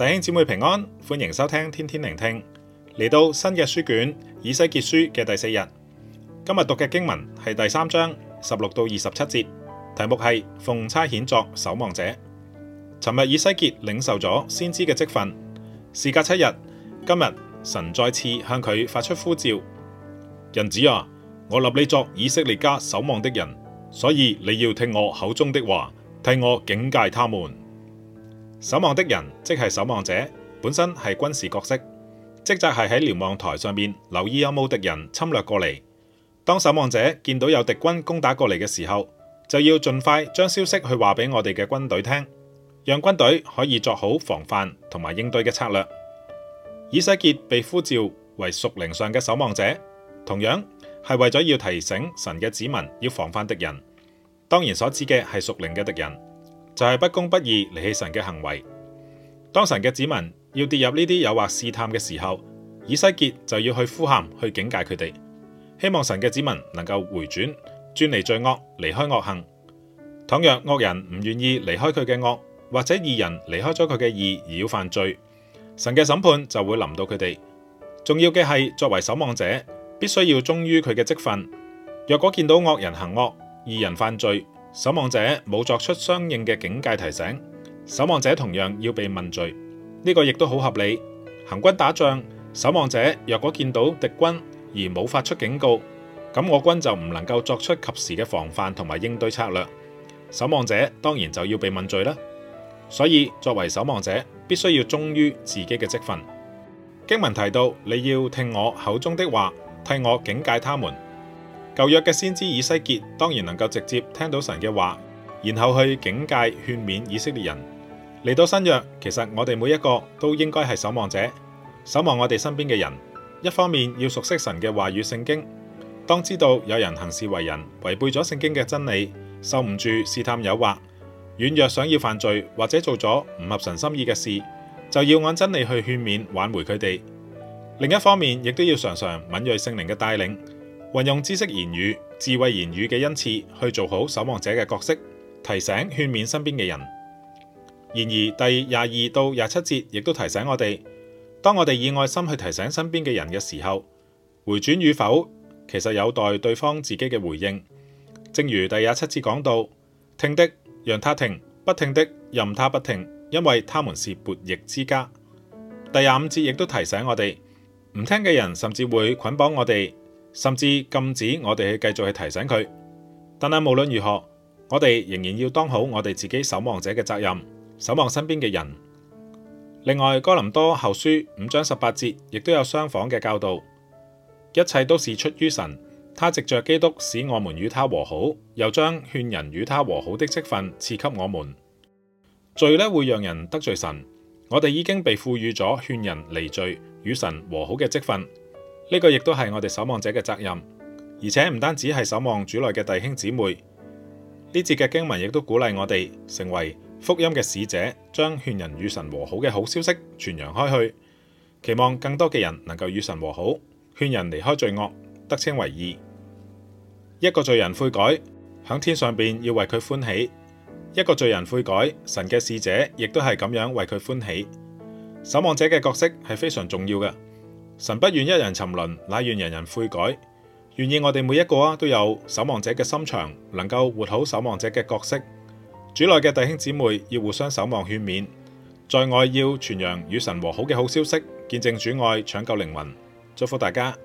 弟兄姊妹平安，歡迎收聽天天聆聽，嚟到新嘅書卷以西結書嘅第四日。今日讀嘅經文係第三章十六到二十七節，題目係奉差遣作守望者。尋日以西結領受咗先知嘅職分，事隔七日，今日神再次向佢發出呼召：人子啊，我立你作以色列家守望的人，所以你要聽我口中的話，替我警戒他們。守望的人即係守望者，本身係軍事角色，職責係喺瞭望台上面留意有冇敵人侵略過嚟。當守望者見到有敵軍攻打過嚟嘅時候，就要盡快將消息去話俾我哋嘅軍隊聽，讓軍隊可以作好防範同埋應對嘅策略。以西結被呼召為屬靈上嘅守望者，同樣係為咗要提醒神嘅子民要防範敵人，當然所指嘅係屬靈嘅敵人。就係不公不義離棄神嘅行為。當神嘅子民要跌入呢啲誘惑試探嘅時候，以西結就要去呼喊，去警戒佢哋，希望神嘅子民能夠回轉，轉離罪惡，離開惡行。倘若惡人唔願意離開佢嘅惡，或者義人離開咗佢嘅義而要犯罪，神嘅審判就會臨到佢哋。重要嘅係，作為守望者，必須要忠於佢嘅職份。若果見到惡人行惡，義人犯罪，守望者冇作出相應嘅警戒提醒，守望者同樣要被問罪，呢、這個亦都好合理。行軍打仗，守望者若果見到敵軍而冇發出警告，咁我軍就唔能夠作出及時嘅防範同埋應對策略，守望者當然就要被問罪啦。所以作為守望者，必須要忠於自己嘅職分。經文提到，你要聽我口中的話，替我警戒他們。舊約嘅先知以西結當然能夠直接聽到神嘅話，然後去警戒勸勉以色列人。嚟到新約，其實我哋每一個都應該係守望者，守望我哋身邊嘅人。一方面要熟悉神嘅話語聖經，當知道有人行事為人違背咗聖經嘅真理，受唔住試探誘惑，軟弱想要犯罪或者做咗唔合神心意嘅事，就要按真理去勸勉挽回佢哋。另一方面，亦都要常常敏銳聖靈嘅帶領。運用知識言語、智慧言語嘅恩賜去做好守望者嘅角色，提醒勸勉身邊嘅人。然而第廿二到廿七節亦都提醒我哋，當我哋以愛心去提醒身邊嘅人嘅時候，回轉與否其實有待對方自己嘅回應。正如第廿七節講到，聽的讓他聽，不聽的任他不聽，因為他們是悖逆之家。第廿五節亦都提醒我哋，唔聽嘅人甚至會捆綁我哋。甚至禁止我哋去繼續去提醒佢，但係無論如何，我哋仍然要當好我哋自己守望者嘅責任，守望身邊嘅人。另外，哥林多後書五章十八節亦都有相仿嘅教導。一切都是出於神，他藉著基督使我們與他和好，又將勸人與他和好的職分賜給我們。罪咧會讓人得罪神，我哋已經被賦予咗勸人離罪、與神和好嘅職分。呢個亦都係我哋守望者嘅責任，而且唔單止係守望主內嘅弟兄姊妹。呢節嘅經文亦都鼓勵我哋成為福音嘅使者，將勸人與神和好嘅好消息傳揚開去，期望更多嘅人能夠與神和好，勸人離開罪惡，得稱為義。一個罪人悔改，響天上邊要為佢歡喜；一個罪人悔改，神嘅使者亦都係咁樣為佢歡喜。守望者嘅角色係非常重要嘅。神不願一人沉淪，乃願人人悔改，願意我哋每一個啊都有守望者嘅心腸，能夠活好守望者嘅角色。主內嘅弟兄姊妹要互相守望勸勉，在外要傳揚與神和好嘅好消息，見證主愛，搶救靈魂，祝福大家。